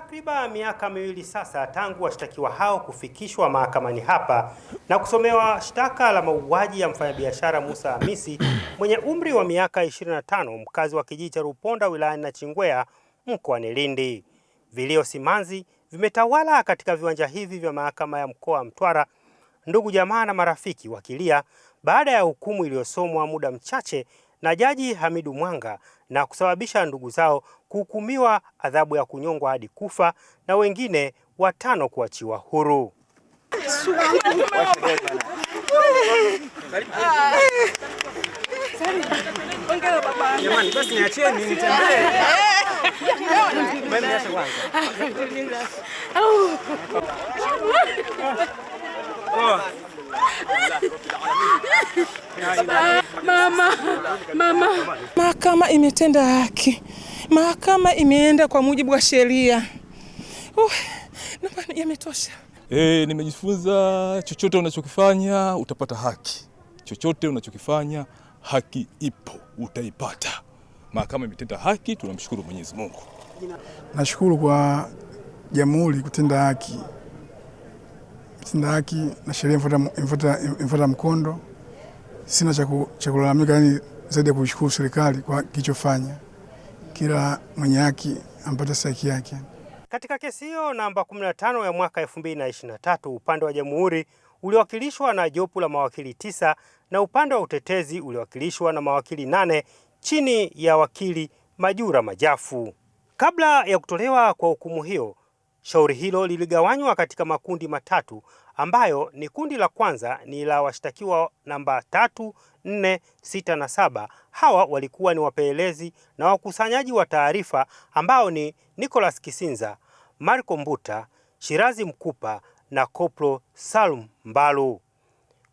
takriban miaka miwili sasa tangu washtakiwa hao kufikishwa mahakamani hapa na kusomewa shtaka la mauaji ya mfanyabiashara Musa Hamisi mwenye umri wa miaka 25 mkazi wa kijiji cha Ruponda wilayani Nachingwea mkoani Lindi. Vilio simanzi vimetawala katika viwanja hivi vya mahakama ya mkoa wa Mtwara, ndugu jamaa na marafiki wakilia baada ya hukumu iliyosomwa muda mchache na Jaji Hamidu Mwanga na kusababisha ndugu zao kuhukumiwa adhabu ya kunyongwa hadi kufa na wengine watano kuachiwa huru. Mama, mahakama imetenda haki, mahakama imeenda kwa mujibu wa sheria. Uh, yametosha. E, nimejifunza chochote unachokifanya utapata haki, chochote unachokifanya haki ipo, utaipata. Mahakama imetenda haki, tunamshukuru Mwenyezi Mungu. Nashukuru kwa jamhuri kutenda haki, kutenda haki na sheria imfuata mkondo. Sina cha kulalamika yani zaidi ya kushukuru serikali kwa kilichofanya. Kila mwenye haki ampate stahiki yake. Katika kesi hiyo namba 15 ya mwaka 2023 upande wa jamhuri uliwakilishwa na jopo la mawakili tisa na upande wa utetezi uliwakilishwa na mawakili nane chini ya wakili Majura Majafu. Kabla ya kutolewa kwa hukumu hiyo, shauri hilo liligawanywa katika makundi matatu ambayo ni kundi la kwanza ni la washtakiwa namba tatu, nne, sita na saba. Hawa walikuwa ni wapelelezi na wakusanyaji wa taarifa ambao ni Nicholas Kisinza, Marco Mbuta, Shirazi Mkupa na Koplo Salum Mbalu.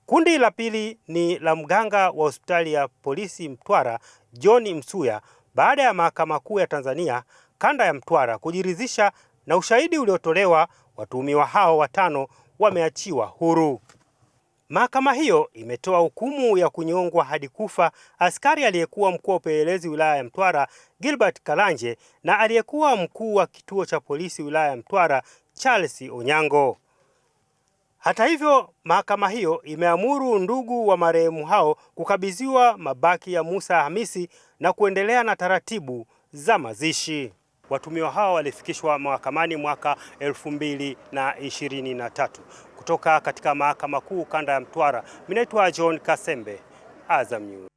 Kundi la pili ni la mganga wa hospitali ya polisi Mtwara John Msuya baada ya mahakama kuu ya Tanzania kanda ya Mtwara kujiridhisha na ushahidi uliotolewa, watuhumiwa hao watano wameachiwa huru. Mahakama hiyo imetoa hukumu ya kunyongwa hadi kufa askari aliyekuwa mkuu wa upelelezi wilaya ya Mtwara Gilbert Kalanje na aliyekuwa mkuu wa kituo cha polisi wilaya ya Mtwara Charles Onyango. Hata hivyo, mahakama hiyo imeamuru ndugu wa marehemu hao kukabidhiwa mabaki ya Musa Hamisi na kuendelea na taratibu za mazishi. Watumiwa hawa walifikishwa mahakamani mwaka 2023 kutoka katika mahakama kuu kanda ya Mtwara. Mimi naitwa John Kasembe, Azam News.